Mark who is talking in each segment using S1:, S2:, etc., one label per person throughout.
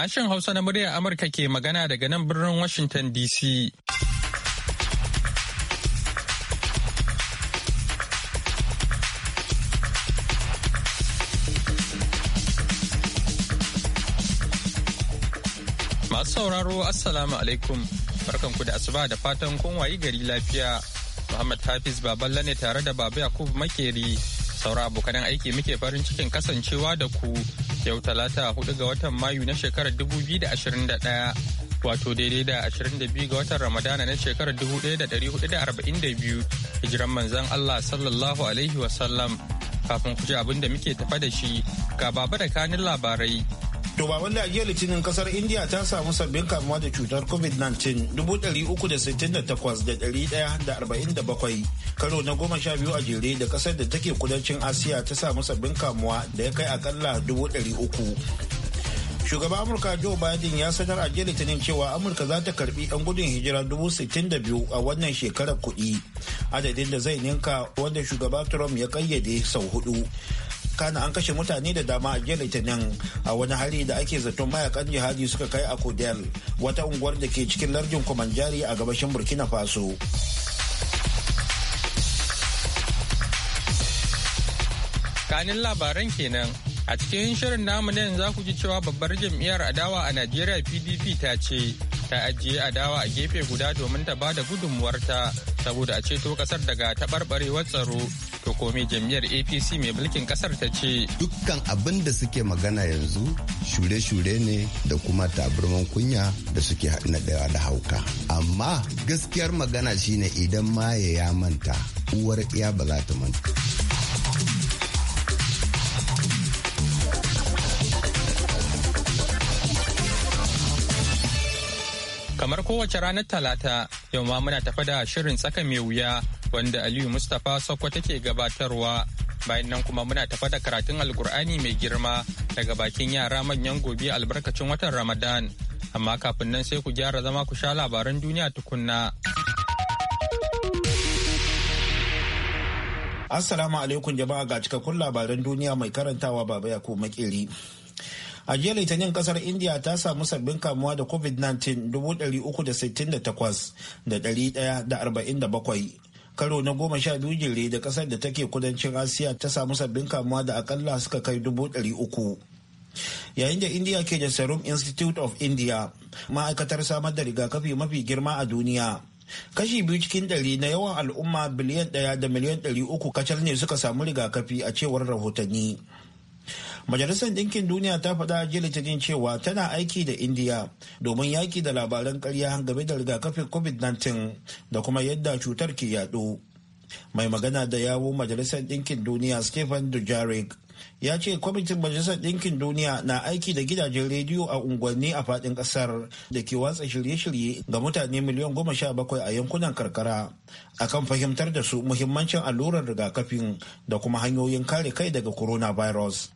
S1: Sashen Hausa na muryar Amurka ke magana daga nan birnin Washington DC. Masu sauraro Assalamu alaikum. Barkanku da asuba da fatan kun wayi gari lafiya. Muhammad Hafiz Baballa ne tare da Baba Yakubu Makeri. Saura abokanan aiki muke farin cikin kasancewa da ku. yau talata hudu ga watan mayu na shekarar 2021 wato daidai da 22 ga watan ramadana na shekarar 1442 hijiran manzan Allah sallallahu alaihi wasallam kafin ku ji abin da muke tafa da shi ga baba da kanin labarai
S2: To ba wanda jiya litinin kasar India ta samu sabbin kamuwa da cutar COVID-19 368,147 karo na goma sha biyu a jere da kasar da take kudancin Asiya ta samu sabbin kamuwa da ya kai akalla 300. Shugaban Amurka Joe Biden ya sanar a jiya litinin cewa Amurka za ta karbi 'yan gudun hijira biyu a wannan shekarar kudi adadin da zai ninka wanda shugaba Trump ya kayyade sau hudu. kana an kashe mutane da dama a jiya litinin a wani hari da ake zaton mayakan jihadi suka kai a kodel wata unguwar da ke cikin lardin kumanjari a gabashin burkina faso
S1: kanin labaran kenan a cikin shirin namu ne za ku ji cewa babbar jam'iyyar adawa a najeriya pdp ta ce ta ajiye adawa a gefe guda domin ta ba da gudunmuwarta saboda a ceto kasar daga taɓarɓarewar tsaro to komai jam'iyyar apc mai mulkin kasar ta ce
S3: dukkan abin da suke magana yanzu shure-shure ne da kuma taburman kunya da suke naɗewa da hauka amma gaskiyar magana shine idan ma ya manta uwar iya ba za ta manta
S1: Kamar kowace ranar Talata, yau ma muna tafa da shirin tsaka mai wuya wanda Aliyu Mustapha sokwa take gabatarwa. Bayan nan kuma muna tafa da karatun Alkur'ani mai girma daga bakin yara manyan gobe albarkacin watan Ramadan. Amma kafin nan sai ku gyara zama ku sha labaran duniya tukunna.
S2: Assalamu alaikum jama'a ga cikakkun labaran duniya mai karantawa baba ya ko makeri. a jiya litinin kasar india ta samu sabbin kamuwa da covid-19 368,147 karo na goma sha biyu jere da kasar da take kudancin asiya ta samu sabbin kamuwa da akalla suka kai dubu ɗari uku yayin da india ke da serum institute of india ma'aikatar samar da rigakafi mafi girma a duniya kashi biyu cikin ɗari na yawan al'umma biliyan ɗaya da miliyan ɗari uku kacal ne suka samu rigakafi a cewar rahotanni Majalisar Ɗinkin Duniya ta faɗa jiya Litinin cewa tana aiki da Indiya domin yaki da labaran ƙarya game da rigakafin COVID-19 da kuma yadda cutar ke yaɗo. Mai magana da yawo Majalisar Ɗinkin Duniya Stephen Dujarric ya ce kwamitin Majalisar Ɗinkin Duniya na aiki da gidajen rediyo a unguwanni a faɗin ƙasar da ke watsa shirye-shirye ga mutane miliyan goma sha bakwai a yankunan karkara a kan fahimtar da su muhimmancin allurar rigakafin da kuma hanyoyin kare kai daga coronavirus.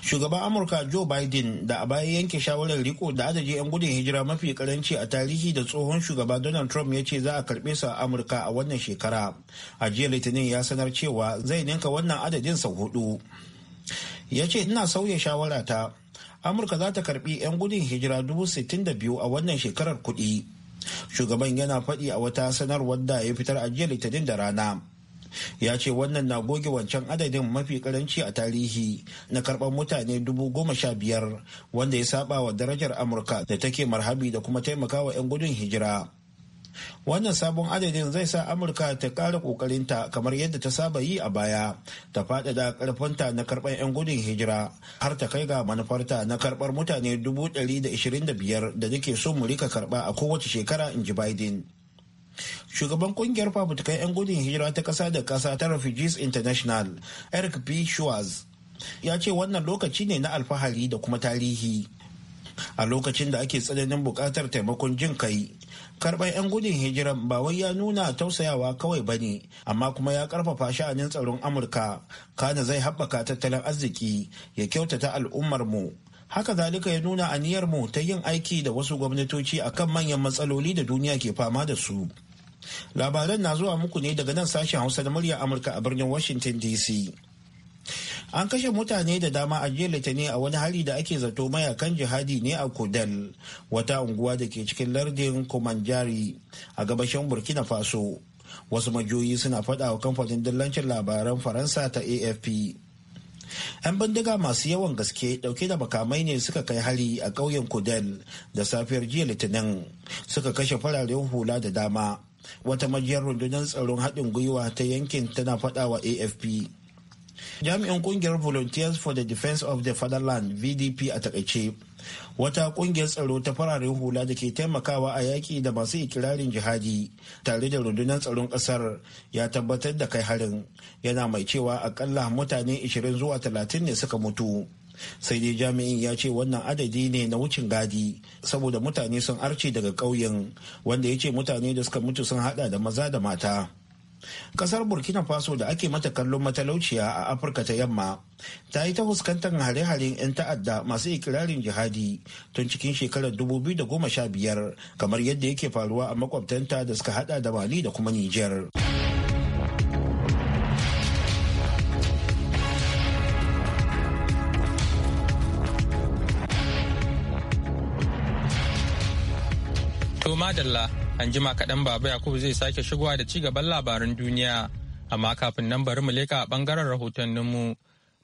S2: shugaban amurka joe biden da a baya yanke shawarar riko da adaje 'yan gudun hijira mafi karanci a tarihi da tsohon shugaba donald trump ya ce za a karbe su a amurka a wannan shekara a jiya litinin ya sanar cewa zai ninka wannan adadin sau hudu ya ce ina sauya shawarata amurka za ta karbi 'yan gudun hijira dubu sittin da biyu a wannan shekarar kudi. shugaban yana faɗi a wata sanarwar da ya fitar a jiya litinin da rana ya ce wannan na goge wancan adadin mafi karanci a tarihi na karɓar mutane dubu goma sha biyar wanda ya saba wa darajar amurka da take marhabi da kuma taimakawa 'yan gudun hijira wannan sabon adadin zai sa amurka ta ƙara ƙoƙarinta kamar yadda ta saba yi a baya ta faɗaɗa ƙarfinta na karɓar 'yan gudun hijira har ta kai ga manufarta na karɓar mutane ɗari da nake so mu rika karɓa a kowace shekara in ji biden shugaban kungiyar fafutukan 'yan gudun hijira ta kasa da ƙasa ta refugees international eric b. schwartz ya ce wannan lokaci ne na alfahari da kuma tarihi a lokacin da ake tsananin buƙatar taimakon jin kai karɓar 'yan gudun hijiran ba wai ya nuna tausayawa kawai ba ne amma kuma ya ƙarfafa sha'anin tsaron amurka kana zai haɓaka tattalin arziki ya kyautata al'ummarmu haka zalika ya nuna aniyarmu ta yin aiki da wasu gwamnatoci akan manyan matsaloli da duniya ke fama da su Labaran na zuwa muku ne daga nan sashen Hausa da murya Amurka a birnin Washington DC. An kashe mutane da dama a jiya Litinin a wani hari da ake zato mayakan jihadi ne a Kodal, wata unguwa da ke cikin lardin Komanjari a gabashin Burkina Faso. Wasu majoyi suna faɗa wa kamfanin dillancin labaran Faransa ta AFP. 'Yan bindiga masu yawan gaske dauke da makamai ne suka kai hari a ƙauyen Kudal da safiyar jiya Litinin suka kashe fararen hula da dama. wata majiyar rundunar tsaron haɗin gwiwa ta yankin tana faɗawa afp jami'in kungiyar volunteers for the defense of the fatherland vdp a takaice wata kungiyar tsaro ta fararen hula da ke taimakawa a yaƙi da masu ikirarin jihadi tare da rundunar tsaron ƙasar ya tabbatar da kai harin yana mai cewa akalla mutane 20 zuwa 30 ne suka mutu sai dai jami'in ya ce wannan adadi ne na wucin gadi saboda mutane sun arce daga ƙauyen wanda ya ce mutane da suka mutu sun hada da maza da mata kasar burkina faso da ake mata kallon matalauciya a afirka ta yamma ta yi ta fuskantar hare-haren 'yan ta'adda masu ikirarin jihadi tun cikin shekarar 2015 kamar yadda yake faruwa a makwabtanta da suka hada da mali da kuma nijiyar.
S1: To madalla an jima kaɗan baba Yakubu zai sake shigowa da ci gaban labaran duniya. Amma kafin nan bari mu leka a ɓangaren rahotanninmu.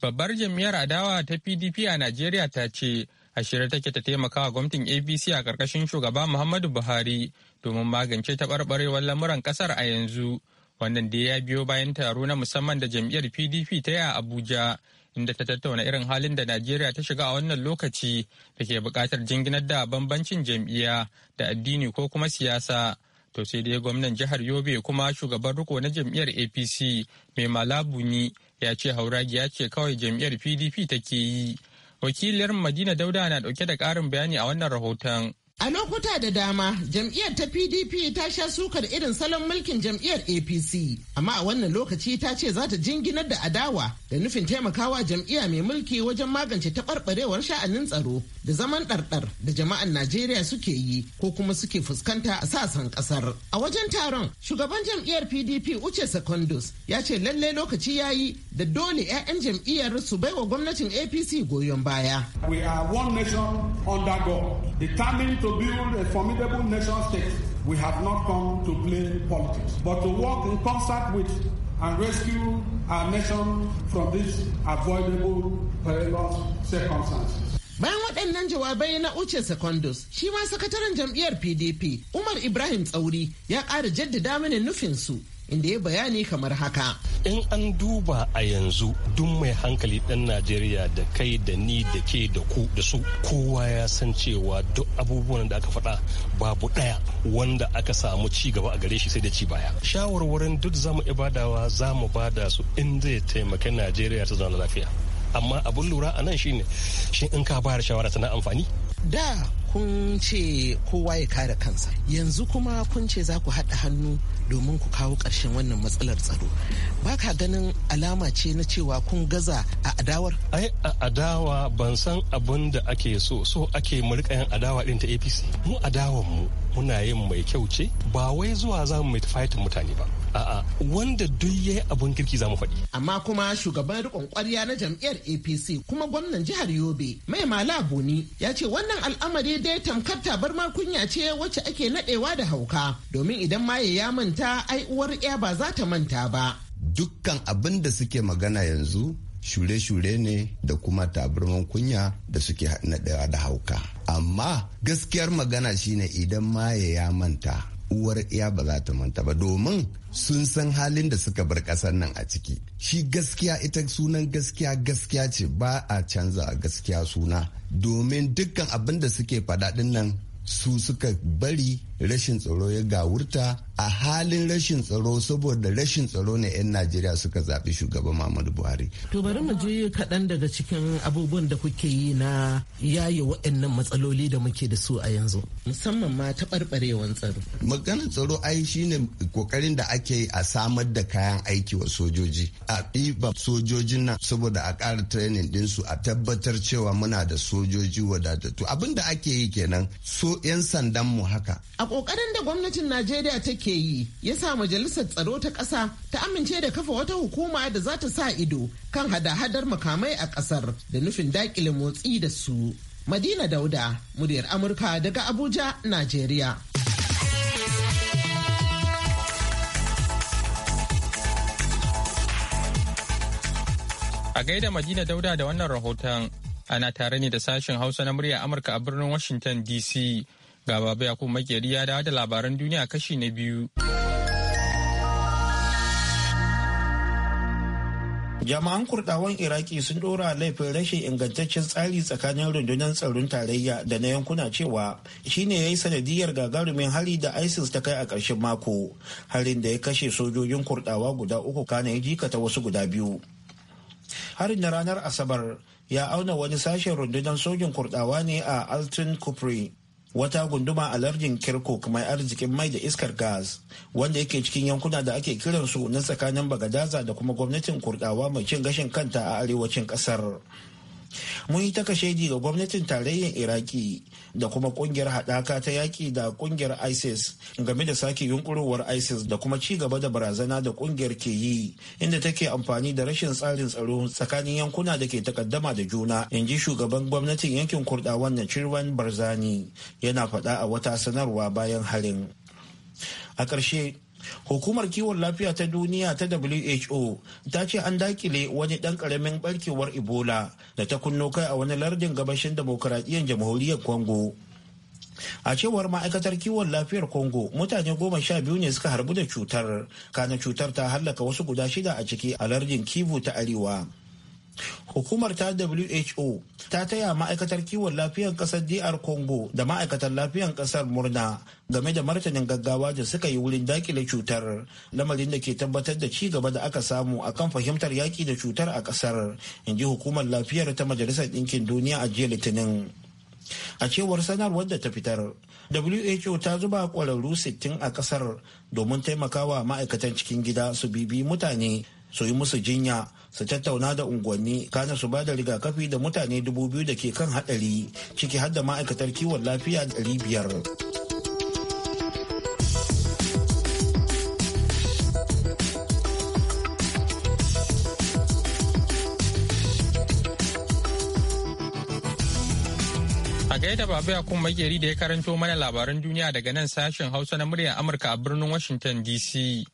S1: Babbar jam'iyyar adawa ta PDP a Najeriya ta ce a shirya take ta taimaka wa gwamnatin APC a ƙarƙashin shugaba Muhammadu Buhari domin magance taɓarɓarewar lamuran ƙasar a yanzu. Wannan da ya biyo bayan taro na musamman da jam'iyyar PDP ta yi a Abuja inda ta tattauna irin halin da Najeriya ta shiga a wannan lokaci da ke buƙatar jinginar da bambancin jam'iyya da addini ko kuma siyasa. To sai dai gwamnan jihar Yobe kuma shugaban riko na jam'iyyar APC mai malabuni ya ce hauragiya ce kawai jam'iyyar PDP take yi. Wakiliyar Madina Dauda na ɗauke da ƙarin bayani a wannan rahoton.
S4: A lokuta da dama jam'iyyar ta PDP ta sha sukar irin salon mulkin jam'iyyar APC, amma a wannan lokaci ta ce za ta jinginar da adawa da nufin taimakawa jam'iyya mai mulki wajen magance taɓarɓarewar sha'anin tsaro da zaman ɗarɗar da jama'an Najeriya suke yi ko kuma suke fuskanta a sasan ƙasar. A wajen taron, shugaban jam'iyyar PDP Uche Secondus ya ce lalle lokaci ya yi da dole 'ya'yan jam'iyyar su bai wa gwamnatin APC goyon baya. We are one nation under God, determined to to build a formidable nation
S5: state, we have not come to play politics, but to work in concert with and rescue our nation from this avoidable perilous
S4: circumstances. Bayan waɗannan jawabai na Uche Secondos, shi ma sakataren jam'iyyar PDP, Umar Ibrahim Tsauri ya ƙara jaddada mini nufinsu inda ya bayani kamar haka. In an
S5: duba a yanzu duk mai hankali ɗan Najeriya da kai da ni da ke da ku da su kowa ya san cewa duk abubuwan da aka faɗa babu ɗaya wanda aka samu ci gaba a gare shi sai da ci baya. Shawarwarin duk zamu ibadawa za mu bada su in zai taimaki Najeriya ta zauna lafiya. Amma abin lura a nan shine shin in ka bayar shawara tana amfani?
S4: Da kun ce kowa ya kare kansa yanzu kuma kun ce za ku haɗa hannu domin ku kawo ƙarshen wannan matsalar tsaro ba ka ganin alama ce na cewa kun gaza a adawar ai a adawa ban
S5: san abin da ake so so ake murka yan adawa din ta apc mu adawar mu muna
S4: yin mai kyau ce ba wai zuwa za mu mai fight mutane ba a'a wanda duk yayi abun kirki zamu faɗi amma kuma shugaban rikon kwarya na jam'iyyar APC kuma gwamnan jihar Yobe mai mala Boni ya ce wannan al'amari dai tamkar tabarmar kunya ce wacce ake naɗewa da hauka domin idan maye ya manta ai uwar ya ba za ta manta ba
S3: dukkan abin da suke magana yanzu shure-shure ne da kuma tabarman kunya da suke naɗewa da hauka. Amma gaskiyar magana shine idan maye ya manta uwar ya ba za ta manta ba domin sun san halin da suka bar ƙasar nan a ciki shi gaskiya ita sunan gaskiya gaskiya ce ba a canza gaskiya suna domin dukkan abin da suke faɗaɗin nan su suka bari rashin tsaro ya gawurta a halin rashin tsaro saboda rashin tsaro ne 'yan najeriya suka zaɓi shugaban muhammadu buhari
S4: to bari mu je kaɗan daga cikin abubuwan da kuke yi na yaye waɗannan matsaloli da muke da su a yanzu musamman ma ta ɓarɓarewar tsaro
S3: maganar tsaro ai shine kokarin da ake yi a samar da kayan aiki wa sojoji a ɗiba sojojin nan saboda a ƙara training su a tabbatar cewa muna da sojoji wadatattu abin da ake yi kenan so 'yan sandan mu haka
S6: a
S4: ƙoƙarin da gwamnatin najeriya take ke yi ya sa majalisar tsaro ta ƙasa ta amince da kafa wata hukuma da za ta sa ido kan hada-hadar makamai a ƙasar da nufin daƙile motsi da su. Madina Dauda, muryar Amurka daga Abuja, Najeriya.
S1: A gaida Madina Dauda da wannan rahoton, ana tare ne da sashen Hausa na muryar Amurka a birnin Washington DC. Ga baba ya kuma makeri ya dawo da labaran duniya kashi na biyu.
S2: jama'an kurdawan iraki sun dora laifin rashin ingantaccen tsari tsakanin rundunar tsaron tarayya da na yankuna cewa shine ya yi sanadiyar gagarumin hari da isis ta kai a ƙarshen mako harin da ya kashe sojojin kurdawa guda uku kana ya jikata wasu guda biyu harin na ranar asabar ya auna wani sashen rundunar sojin kurdawa ne a altin kupri wata gunduma a lardin kirkuk mai arzikin mai da iskar gas wanda yake cikin yankuna da ake kiransu na tsakanin bagadaza da kuma gwamnatin kurdawa mai cin gashin kanta a arewacin kasar mun yi ta ga gwamnatin tarayyar iraki da kuma kungiyar Hadaka ta yaƙi da kungiyar isis game da sake yunkurowar isis da kuma ci gaba da barazana da kungiyar ke yi inda take amfani da rashin tsarin tsaro tsakanin yankuna da ke takaddama da juna in ji shugaban gwamnatin yankin kurdawan wannan, cirwan barzani yana faɗa a wata sanarwa bayan harin a ƙarshe hukumar kiwon lafiya ta duniya ta who ta ce an dakile wani ɗan karamin barkewar ebola da ta kunno kai a wani lardin gabashin demokuraɗiyyar jamhuriyar congo a cewar ma'aikatar kiwon lafiyar congo mutane goma sha biyu ne suka harbu da cutar kana cutar ta hallaka wasu guda shida a ciki a lardin kivu ta arewa Hukumar ta WHO ta taya ma'aikatar kiwon lafiyar ƙasar DR Congo da ma'aikatar lafiyar ƙasar murna game da martanin gaggawa da suka yi wurin dakile cutar lamarin da ke tabbatar da ci gaba da aka samu akan fahimtar yaƙi da cutar a ƙasar, in ji hukumar lafiyar ta Majalisar Ɗinkin Duniya a jiya Litinin. A cewar sanarwar da ta fitar, WHO ta zuba ƙwararru 60 a kasar domin taimakawa ma'aikatan cikin gida su bibi mutane su yi musu jinya su tattauna da unguwanni kana su bada rigakafi da mutane dubu biyu da ke kan hadari ciki har da ma'aikatar kiwon lafiya ɗari biyar.
S1: A da babu yakun makeri da ya karanto mana labaran duniya daga nan sashen Hausa na muryar Amurka a birnin Washington DC.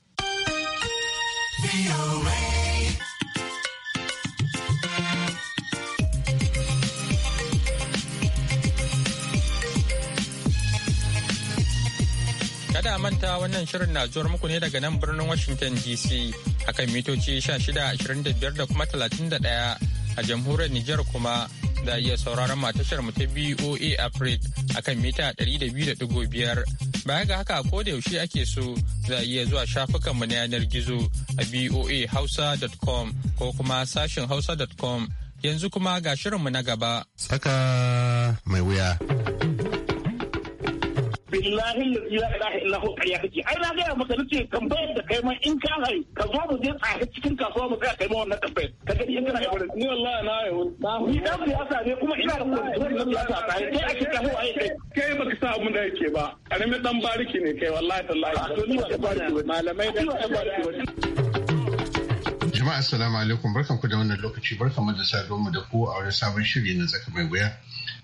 S1: kada manta wannan shirin na zuwa muku ne daga nan birnin Washington DC akan mitoci 1625 da kuma 31 a jamhuriyar Nijar kuma za iya sauraron matashar mu ta BOA Africa akan mita 200.5 baya ga haka ko da yaushe ake so za iya zuwa shafukan mu na yanar gizo a boahausa.com ko kuma sashin hausa.com yanzu kuma ga shirin mu na gaba.
S7: Saka mai wuya. billahi
S5: la ilaha illa hu ya kake ai na gaya maka nace tambayar da kai ma in ka hai ka zo mu je tsaka cikin kasuwa mu ga kai ma wannan tambayar ka gani in kana yawon ni wallahi na yawon ni dan siyasa ne kuma ina da kwantar na siyasa ta kai ake kaho ai kai kai baka sa mun da yake ba karamin dan bariki ne kai wallahi tallahi to ni ba bariki malamai da bariki
S7: Jama'a assalamu alaikum barkanku da wannan lokaci barkanmu da saduwa da ku a wani sabon shiri na tsaka mai wuya.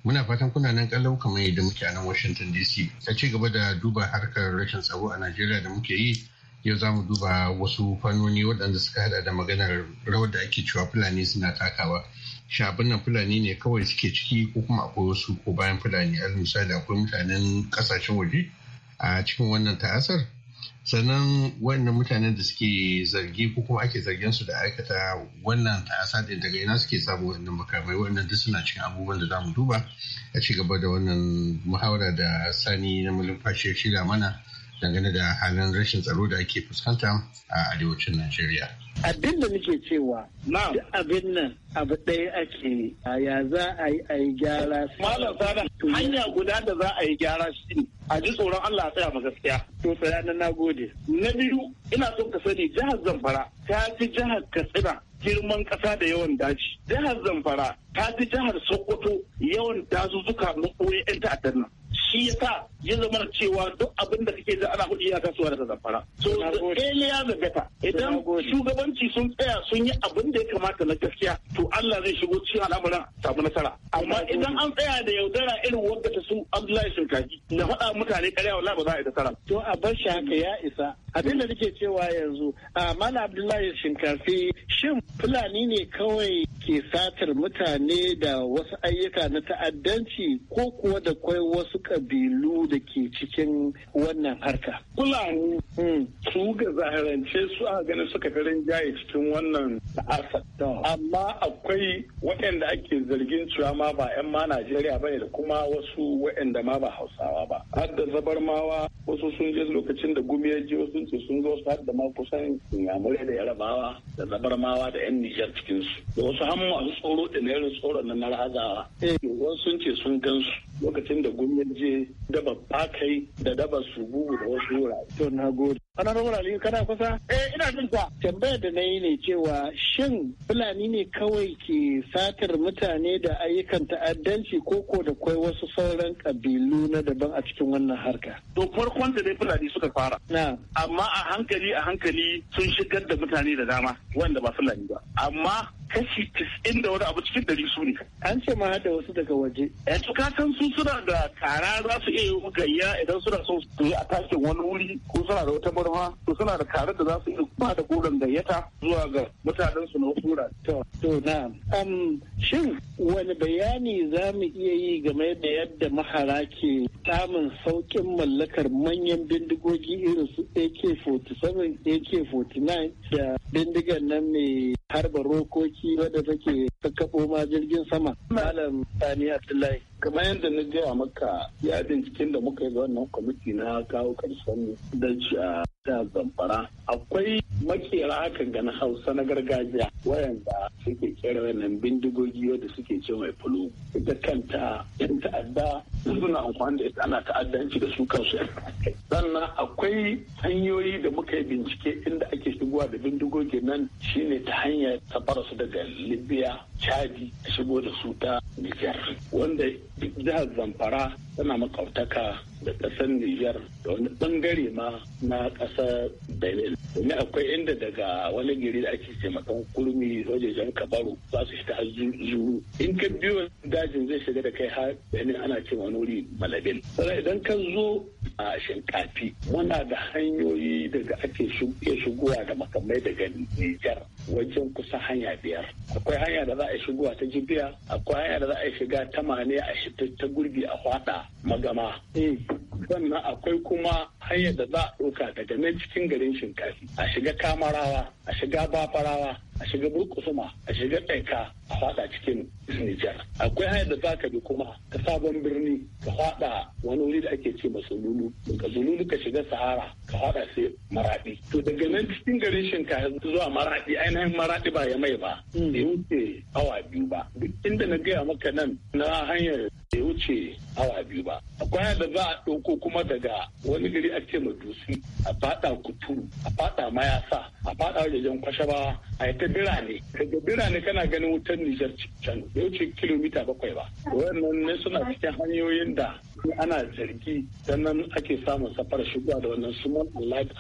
S7: Muna fatan kuna nan kallon kamar yadda muke a nan Washington DC. A ci gaba da duba harkar rashin tsaro a Najeriya da muke yi yau za mu duba wasu fannoni waɗanda suka hada da maganar rawar da ake cewa Fulani suna takawa. Shabin nan Fulani ne kawai suke ciki ko kuma akwai wasu ko bayan Fulani. Al misali akwai mutanen kasashen waje a cikin wannan ta'asar sannan wannan mutanen da suke zargi ko kuma ake zargin su da aikata wannan ta'asa din daga ina suke samu wannan makamai wannan duk suna cikin abubuwan da zamu duba a ci gaba da wannan muhawara da sani na ya shirya mana dangane da halin rashin tsaro da ake fuskanta a arewacin Najeriya.
S5: Abin da muke cewa abin nan abu ɗaya ake ya za a yi a yi gyara. Malam Sadan hanya guda da za a yi gyara shi ne a ji tsoron Allah tsaya ma gaskiya. To tsaya na nagode. Na biyu ina son ka sani jihar Zamfara ta fi jihar Katsina girman ƙasa da yawan daji. Jihar Zamfara ta fi jihar Sokoto yawan dazuzzuka na ɓoye 'yan ta'addar nan. shi ya sa ya zama cewa duk abin da kake ji ana kuɗi ya kasuwa da zamfara so ya gata idan shugabanci sun tsaya sun yi abin da ya kamata na gaskiya to Allah zai shigo cikin al'amuran samu nasara amma idan an tsaya da yaudara irin wadda ta su Abdullahi Shinkaki na faɗa mutane ƙarya wallahi ba za a yi nasara to a bar shi haka ya isa abin da nake cewa yanzu a mala abdullahi shinkafi shin fulani ne kawai ke satar mutane da wasu ayyuka na ta'addanci ko kuwa da kwai wasu kabilu da ke cikin wannan harka. Fulani hmm, su ga zaharance su a ganin suka fi rinjaye cikin wannan ta'asa. Amma akwai waɗanda ake zargin cewa ma ba 'yan ma Najeriya ba da kuma wasu waɗanda ma ba Hausawa ba. Har da zabarmawa wasu sun je lokacin da gumi ya je wasu ce sun zo su har da ma kusan yamurai da yarabawa da zabarmawa da 'yan Nijar cikinsu. Da wasu hannu masu tsoro da na irin tsoron na narazawa. Eh. Wasu sun ce sun gansu lokacin da gumi ya je daba bakai da daba sugu da wasu wurare. To na gode. Honorable Aliyu kana kusa? Eh ina jin ka. Tambayar da na yi ne cewa shin Fulani ne kawai ke satar mutane da ayyukan ta'addanci koko da kwai wasu sauran kabilu na daban a cikin wannan harka? To farkon da dai Fulani suka fara. Amma a hankali a hankali sun shigar da mutane da dama wanda ba Fulani ba. Amma kashi tis'in da wani abu cikin dari su ne. An ce ma da wasu daga waje. Eh ka su suna da kara za su iya yi gayya idan suna so su yi takin wani wuri ko suna da wata murma to suna da karar da za su iya ba da goron gayyata zuwa ga mutanen su na wasu To na um shin wani bayani za mu iya yi game da yadda mahara ke samun saukin mallakar manyan bindigogi irin su AK-47, AK-49 da bindigan nan mai harba rokoki aiki wadda take kakkaɓo ma jirgin sama. Malam Sani Abdullahi. Kamar yadda na gaya maka ya cikin da muka yi ga wannan kwamiti na kawo ƙarshen da da zamfara akwai makera hakan ga na hausa na gargajiya wayanda suke kera wannan bindigogi wadda suke ce mai fulo ita kanta yan ta'adda suna amfani da ita ana ta'addanci da su kansu sannan akwai hanyoyi da muka yi bincike inda ake shigowa da bindigogi nan shine ta hanyar safara su daga libya chadi shigo da su ta niger wanda jihar zamfara tana makautaka da ƙasar Nijar da wani bangare ma na ƙasar Benin. Domin akwai inda daga wani gari da ake ce makan kurmi wajejen Kabaru za su shiga ta zuru. In ka biyo dajin zai shiga da kai har Benin ana ce wani wuri Malabin. Sannan idan ka zo a shinkafi muna da hanyoyi daga ake shigowa da makamai daga Nijar. wajen kusa hanya biyar akwai hanya da za a shigowa ta jibiya akwai hanya da za a shiga ta mane a ta gurbi a hwada magama eh. sannan akwai kuma hanyar da za a ɗauka daga nan cikin garin shinkafi a shiga kamarawa a shiga bafarawa a shiga burkusuma a shiga tsaika a fada cikin nijar akwai hanyar da za ka bi kuma ta sabon birni ka fada wani wuri da ake ce masa lulu ka zululu ka shiga sahara ka fada sai maradi to daga nan cikin garin shinkafi zuwa maradi ainihin maradi ba ya mai ba ya hmm. wuce awa biyu ba duk inda na gaya maka nan na hanyar ya wuce awa biyu ba akwai hanyar da za a ɗauko kuma daga wani gari a ce dusu a fada kuturu a fada mayasa a fada wajen kwashaba a ta birane daga birane kana ganin wutar nijar can da wuce kilomita bakwai ba wannan ne suna cikin hanyoyin da ana zargi dan nan ake samun safar shigowa da wannan suman light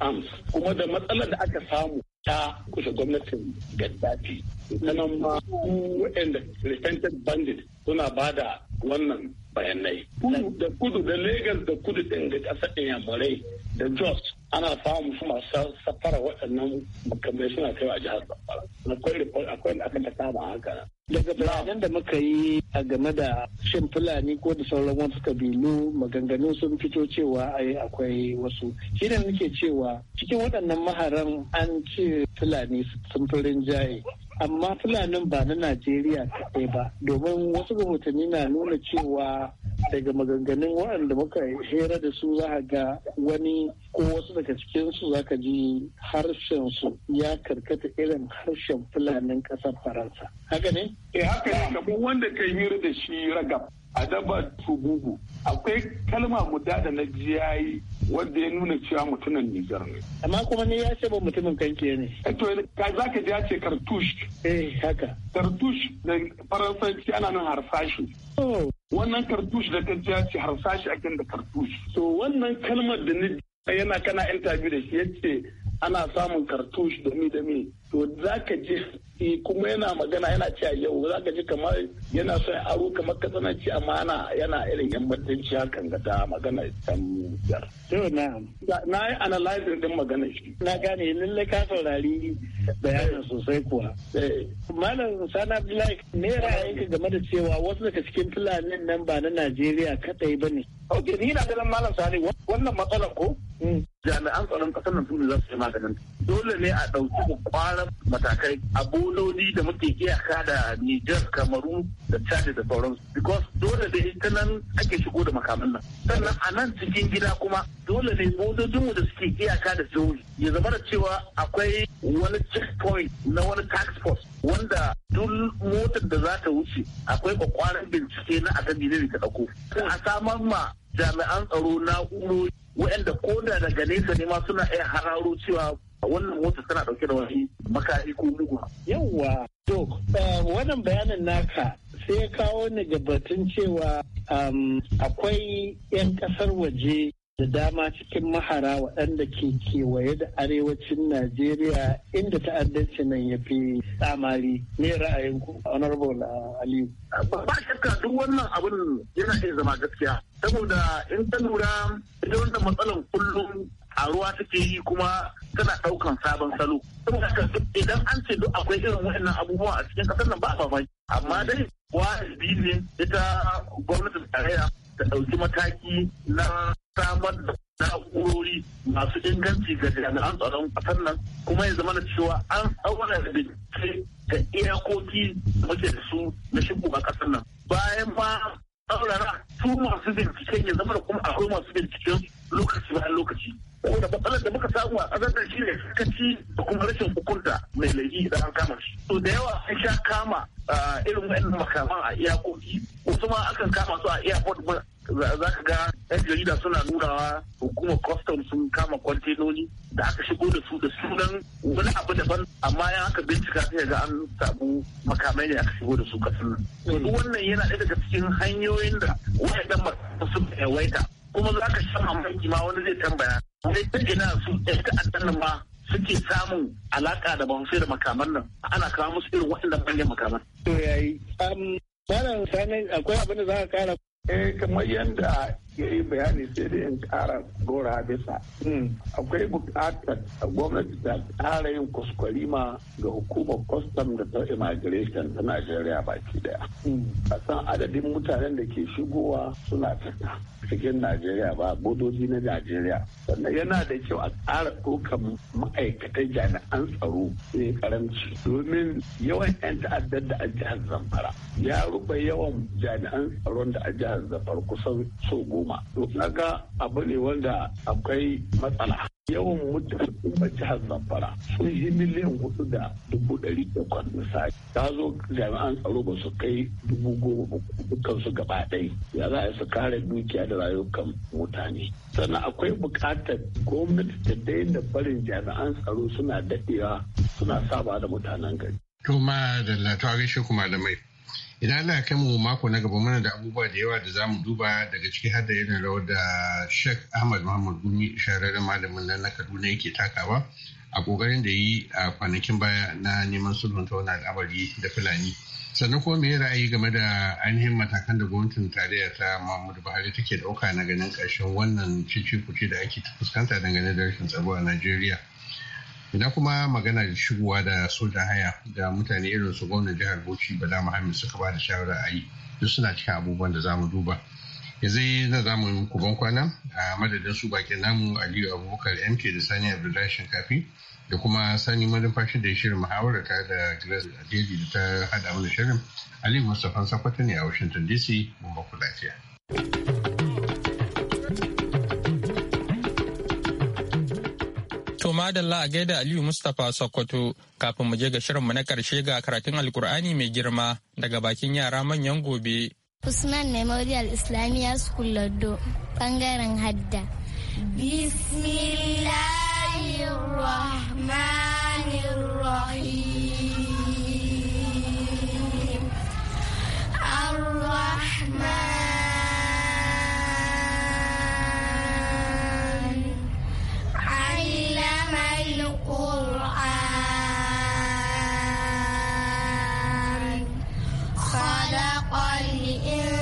S5: arms kuma da matsalar da aka samu ta kusa gwamnatin gaddafi sanan ma waɗanda repentant bandit suna ba da wannan bayanai da kudu da lagos da kudu ɗin da ɗin inyamurai da jos ana samu su masu safara waɗannan makamai suna kai a jihar zamfara akwai report akwai da aka ta kama haka Daga bayanan da muka yi a game da shin Fulani ko da sauran wasu kabilu maganganu sun fito cewa ai akwai wasu. Shi ne muke cewa cikin waɗannan maharan an ce Fulani sun fi rinjaye. amma fulanin ba na najeriya kaɗai ba domin wasu rahotanni na nuna cewa daga maganganun waɗanda muka hira da su za a ga wani ko wasu daga cikinsu za ka ji harshen su ya karkata irin harshen fulanin ƙasar faransa haka ne? eh haka ne kamar wanda ka hira da shi ragab a daba akwai kalma guda da na ji yayi wanda ya nuna cewa mutumin Nijar ne. Amma kuma ne ya ce ba mutumin kanki ne. Eh, to ka za ka ji ya ce kartush. Eh haka. Kartush da faransanci ana nan harsashi. Wannan kartush da ka ya ce harsashi akan da kartush. To wannan kalmar da ni yana kana interview da shi ya ce ana samun kartush da mi da mi. To za ka ji Eh, kuma yana magana yana cewa yau za ka ji kamar yana son aro kamar katsananci amma yana irin yammatanci hakan ga ta magana can biyar. Na yi analyzing din magana shi. Na gane lalle ka saurari bayanin sosai kuwa. Eh. Malam Sani Abdullahi me ra'ayinka game da cewa wasu daga cikin Fulanin nan ba na Najeriya kadai ba ne ok ni na ganin malam sani wannan matsalar ko mm. jami'an tsaron kasar nan su za su yi maganin dole ne a ɗauki kwaran matakai a bololi da muke ka da Nijar, Kamaru da Chad da sauransu because dole da ita nan ake shigo da makaman nan sannan a nan cikin gida kuma dole ne mu da suke ka da jihohi ya zama da cewa akwai wani checkpoint na wani tax force wanda duk motar da za ta wuce akwai kwakwaran bincike na akan gida ne ta ɗauko a samar ma jami'an tsaro na na'urori waɗanda ko da daga nesa ne ma suna iya hararo cewa wannan mota tana ɗauke da wani makari ko mugu. Yawwa, to eh, wannan bayanin naka sai ya kawo ni ga batun cewa um, akwai 'yan kasar waje da dama cikin mahara waɗanda ke kewaye da arewacin Najeriya inda ta'addanci nan ya fi tsamari ne ra'ayinku honorable Aliyu. Ba shakka duk wannan abin yana iya zama gaskiya. Saboda in ta lura ita wannan matsalan kullum a ruwa take yi kuma tana ɗaukan sabon salo. idan an ce duk akwai irin waɗannan abubuwa a cikin ƙasar nan ba a mamaki. Amma dai wajibi ne ita gwamnatin tarayya ta ɗauki mataki na samar da na'urori masu inganci ga jami'an tsaron ƙasar nan kuma ya zama cewa an auna da bincike ga iyakoki muke da su na shigo a ƙasar nan bayan ma tsaurara su masu binciken ya zama da kuma akwai masu binciken lokaci bayan lokaci saboda matsalar da muka samu a ƙasar da shi ne sakaci da kuma rashin hukunta mai laifi idan an kama shi to da yawa an sha kama irin wa'annan makaman a iyakoki wasu ma akan kama su a airport za ka ga yan jarida suna nunawa hukumar custom sun kama kwantenoni da aka shigo da su da sunan wani abu daban amma yan aka bincika sai ga an samu makamai ne aka shigo da su kasan nan wannan yana ɗaya daga cikin hanyoyin da wayannan makaman sun yawaita kuma za ka sha mamaki ma wani zai tambaya sai ta ina su yan ta'addan ma suke samun alaka da ban da makaman nan ana kawo musu irin waɗannan manyan makaman. To yayi. akwai abin da za ka kara. Eh kamar yadda ke yi bayani sai da in kara gora bisa hmm, akwai bukatar gwamnati ta kara yin ma ga hukumar kwastam da ta immigration ta najeriya baki daya hmm. a san adadin mutanen da ke shigowa suna fita cikin najeriya ba bodoji na najeriya sannan yana da kyau a tsara ɗaukan ma'aikatan jami'an tsaro ne karamci domin yawan 'yan ta'addar da a jihar zamfara ya rufe yawan jami'an tsaron da a jihar zamfara kusan so al'umma to kaga abu ne wanda akwai matsala yawan mutum a jihar zamfara sun yi miliyan hudu da dubu ɗari takwas misali ta zo jami'an tsaro ba su kai dubu goma dukkan su gaba ɗai ya za a su kare dukiya da rayukan mutane sannan akwai buƙatar gwamnati ta daina barin jami'an tsaro suna daɗewa suna saba
S7: da mutanen gari. Tuma da latuwa gaishe kuma da mai. idan Allah ya kai mu mako na gaba mana da abubuwa da yawa da zamu duba daga ciki har da irin rawar da Sheikh Ahmad Muhammad Gumi shahararren malamin nan na Kaduna yake takawa a kokarin da yi a kwanakin baya na neman sulhun ta wani al'amari da Fulani. Sannan kuma me ra'ayi game da ainihin matakan da gwamnatin tarayya ta Muhammadu Buhari take ɗauka na ganin ƙarshen wannan cicikuce da ake fuskanta dangane da rashin tsaro a Najeriya. ina kuma magana da shigowa da sojan haya da mutane irin su gwamnan jihar bauchi bala muhammed suka ba da shawara a yi duk suna cikin abubuwan da zamu duba yanzu na zamu yi kuban kwana a madadin su bakin namu aliyu abubakar mk da sani abdullahi shinkafi da kuma sani malumfashi da shirin muhawara ta da grace adeji da ta hada mana shirin aliyu mustapha sakwata ne a washington dc mun ba ku lafiya.
S1: madalla a gaida Aliyu Mustapha Sokoto kafin mu je ga shirinmu na karshe ga karatun Alkur'ani mai girma daga bakin yara manyan gobe.
S6: Usman Memorial Islamiyya School Loddo bangaren Hadda. Bismillahirrahmanirrahim. Ar-Rahman القرآن خلق الإنسان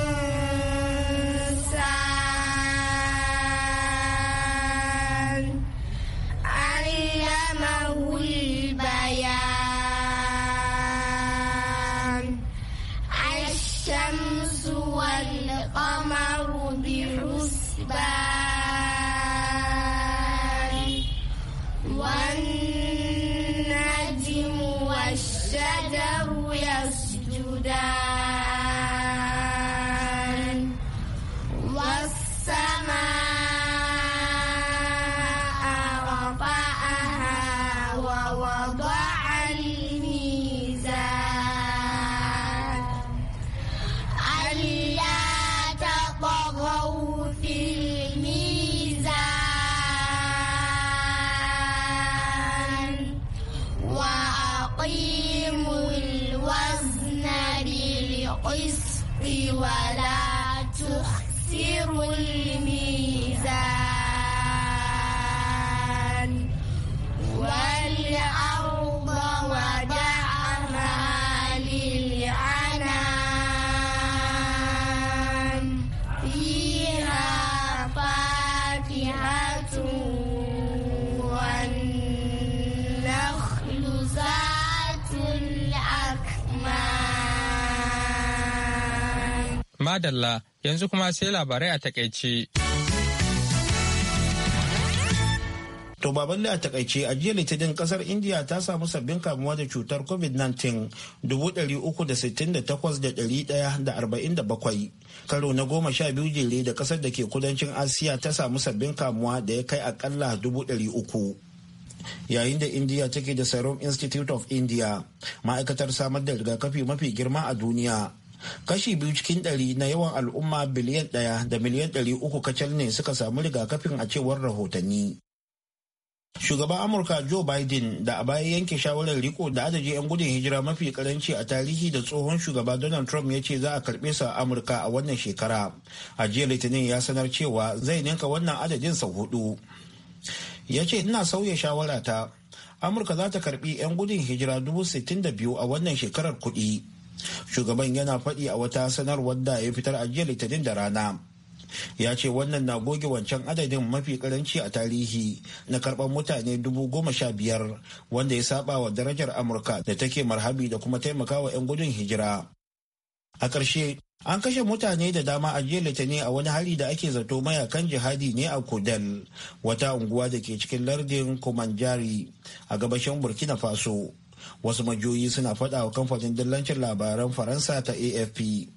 S1: adalla yanzu kuma sai labarai a takaice. To baban da a takaice a jiya litinin kasar India ta samu sabbin kamuwa da
S2: cutar COVID-19 bakwai karo na goma sha biyu jere da kasar da ke kudancin Asiya ta samu sabbin kamuwa da ya kai akalla uku. yayin da india take da serum institute of india ma'aikatar samar da rigakafi mafi girma a duniya kashi biyu cikin ɗari na yawan al'umma biliyan ɗaya da miliyan ɗari uku kacal ne suka samu rigakafin a cewar rahotanni. Shugaban Amurka Joe Biden da a baya yanke shawarar riko da adadin 'yan gudun hijira mafi karanci a tarihi da tsohon shugaba Donald Trump ya ce za a karɓe su a Amurka a wannan shekara. A jiya Litinin ya sanar cewa zai ninka wannan adadin sau hudu. Ya ce ina sauya shawarata. Amurka za ta karɓi 'yan gudun hijira dubu sittin da biyu a wannan shekarar kuɗi. shugaban yana faɗi a wata sanarwar da ya fitar a jiya litinin da rana ya ce wannan na goge wancan adadin mafi karanci a tarihi na karɓar mutane dubu goma sha biyar wanda ya saba wa darajar amurka da take marhabi da kuma taimakawa 'yan gudun hijira a ƙarshe an kashe mutane da dama a jiya litinin a wani hari da ake zato mayakan jihadi ne a kudal wata unguwa da ke cikin lardin kumanjari a gabashin burkina faso wasu majiyoyi suna faɗa wa kamfanin dillancin labaran faransa ta afp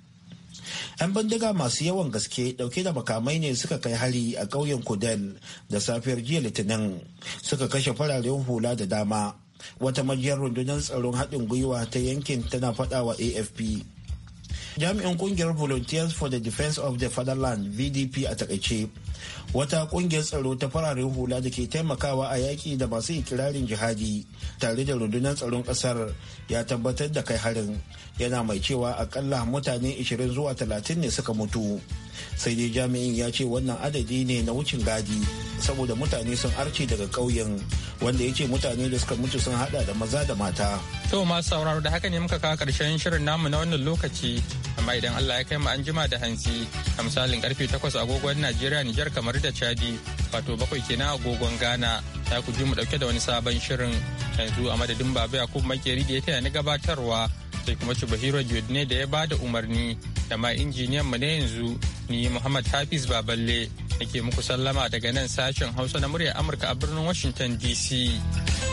S2: 'yan bindiga masu yawan gaske dauke da makamai ne suka kai hari a ƙauyen kudel da safiyar jiya litinin suka kashe fararen hula da dama wata majiyar rundunar tsaron haɗin gwiwa ta yankin tana faɗa wa afp jami'in kungiyar volunteers for the defense of the fatherland vdp a takaice wata kungiyar tsaro ta fararen hula da ke taimakawa a yaƙi da masu ikirarin jihadi tare da rundunar tsaron ƙasar ya tabbatar da kai harin yana mai cewa akalla mutane 20 zuwa 30 ne suka mutu sai dai jami'in ya ce wannan adadi ne na wucin gadi saboda mutane sun arce daga ƙauyen wanda ya ce mutane da suka mutu sun hada da maza da mata.
S1: to masu sauraro da haka ne muka kawo karshen shirin namu na wannan lokaci amma idan allah ya kai mu an jima da hansi a misalin karfe 8 agogon najeriya nijar kamar da Chadi wato bakwai kenan agogon gana ta ku ji mu dauke da wani sabon shirin yanzu a madadin Baba kuma Makeri da ya taya na gabatarwa sai kuma ci Chibahiro Jodne da ya ba da umarni da ma injiniyan mu na yanzu ni Muhammad Hafiz Baballe nake muku sallama daga nan sashen Hausa na muryar Amurka a birnin Washington DC.